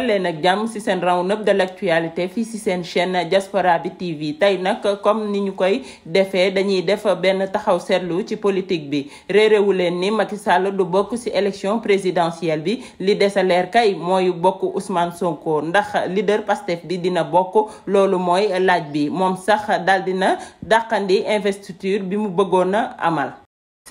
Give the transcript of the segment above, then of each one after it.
de l'actualité fi ci chaîne Diaspora TV tay comme dañuy def ben taxaw sétlu politique bi Macky Sall du présidentielle bi li déssa Ousmane Sonko ndax leader Pastef bi dina bokk lolu moy laaj bi investiture bi amal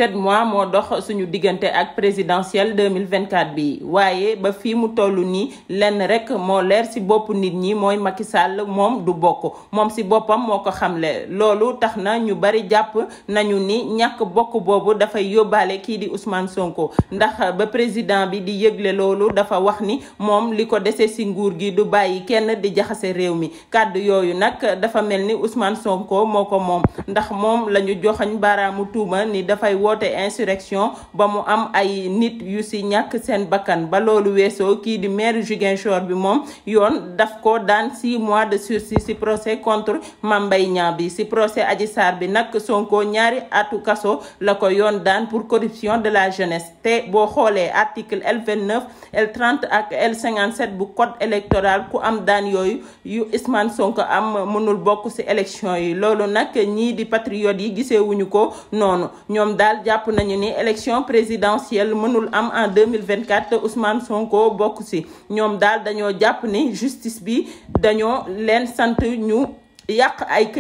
sept mois moo dox suñu diggante ak présidentielle 2024 bi waaye ba fii mu toll nii lenn rek moo leer ci bopp nit ñi mooy Macky Sall moom du bokk moom ci boppam moo ko xamle loolu tax na ñu bari jàpp nañu ni ñàkk bokk boobu dafay yóbbaale kii di Ousmane Sonko ndax ba président bi di yëgle loolu dafa wax ni moom li ko dese ci nguur gi du bàyyi kenn di jaxase réew mi kàddu yooyu nag dafa mel ni Ousmane Sonko moo ko moom ndax moom lañu joxañ baaraamu tuuma ni dafay woote insurrection ba am ay nit yu si ñàkk seen bakkan ba loolu weesoo kii di maire Ziguinchor bi moom yoon daf ko daan six mois de sursis si procès contre Mame Niang bi si procès Adji Sarr bi nag Sonko ñaari atu kaso la ko yoon daan pour corruption de la jeunesse te boo xoolee article L29 L30 ak L57 bu code électoral ku am daan yooyu yu Ismane Sonko am mënul bokk si élection yi loolu nag ñii di patriotes yi gisee wuñu ko noonu ñoom Sall nañu ni élection présidentielle mënul am en 2024 Ousmane Sonko bokk ci ñom dal dañoo japp ni justice bi dañoo leen sant ñu yak ay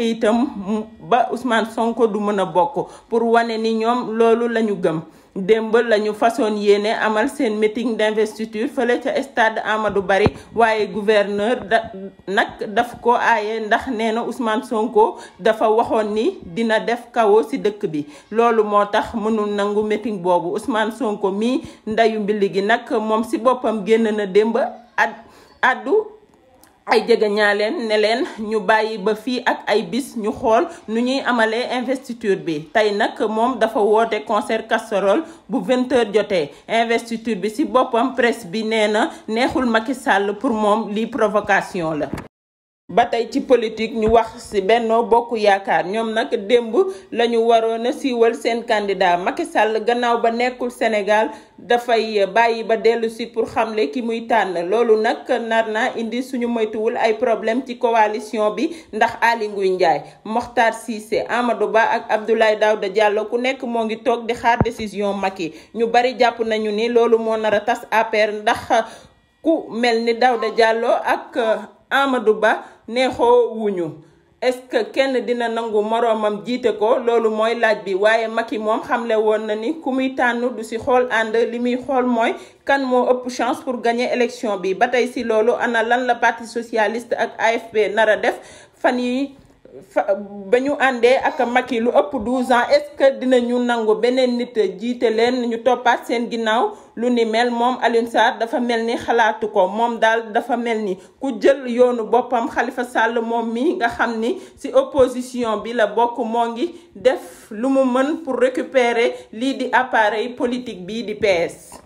ba Ousmane Sonko du mëna bokk pour wane ni ñom loolu lañu gëm démb la façon yéene amal seen meeting d'investiture fële ca stade Amadou bari waaye gouverneur da nag daf ko aaye ndax nee na Ousmane Sonko dafa waxoon ni dina def kawo ci dëkk bi loolu moo tax mënul nangu meeting boobu Ousmane Sonko mii ndayu mbili gi nag moom ci boppam génn na démb ad addu ay jege ñaaleen ne leen ñu bàyyi ba fii ak ay bis ñu xool nu ñuy amalee investiture bi tey nag moom dafa woote concert casserole bu 20 jotee investiture bi ci boppam presse bi nee na neexul Macky sàll pour moom lii provocation la. ba tey ci politique ñu wax ci Benno Bokk Yaakaar ñoom nag démb la ñu waroon a siiwal seen candidat Macky sàll gannaaw ba nekkul Sénégal dafay bàyyi ba dellu si pour xamle ki muy tànn loolu nag nar naa indi suñu moytuwul ay problème ci coalition bi ndax Aly Ngouille Ndiaye Mokhtar Cissé Amadou Ba ak Abdoulaye Daouda Diallo ku nekk moo ngi toog di xaar décision Macky ñu bari jàpp nañu ni loolu moo nar a tas APR ndax ku mel ni Daouda jàlloo ak. Amadou Ba neexoo wuñu est-ce que kenn dina nangu moroomam jiite ko loolu mooy laaj bi waaye Macky moom xamle woon na ni ku muy tànn du ci xool ànd li muy xool mooy kan moo ëpp chance pour gagner élection bi ba tey ci loolu ana lan la parti socialiste ak AFP nar a def fan yi ba ñu àndee ak Macky lu ëpp 12 ans est-ce que dinañu nangu beneen nit jiite leen ñu toppaat seen ginnaaw lu ni mel moom Alioune Sarr dafa mel ni xalaatu ko moom daal dafa mel ni ku jël yoonu boppam xalifa sàll moom mi nga xam ni ci opposition bi la bokk moo ngi def lu mu mën pour récupérer lii di appareil politique bii di PS.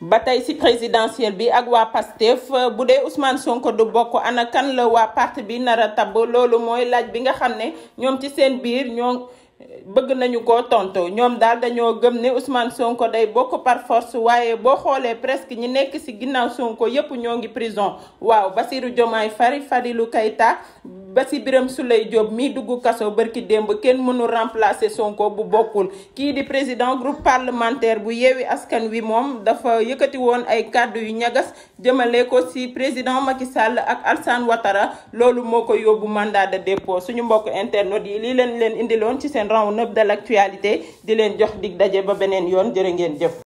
ba tey ci présidentiel bi ak waa PASTEF bu dee Ousmane Sonko du bokk ana kan la waa parti bi nar a tab loolu mooy laaj bi nga xam ne ñoom ci seen biir ñoo bëgg nañu ko tontu ñoom daal dañoo gëm ne Ousmane Sonko day bokk par force waaye boo xoolee presque ñi nekk ci ginnaaw Sonko yépp ñoo ngi prison waaw fari Diomaye Faye Fadilou Keïta ba si Birame Souleye Diop mii dugg kaso bërki démb kenn mënul remplacer Sonko bu bokkul kii di président groupe parlementaire bu yeewi askan wi moom dafa yëkkati woon ay kàddu yu ñagas jëmale ko si président Macky sàll ak Alassane watara loolu moo ko yóbbu mandat de dépôt suñu mbokk internautes yi lii leen leen indiloon ci seen round-up de l'actualité di leen jox dig daje ba beneen yoon jërë ngeen jëf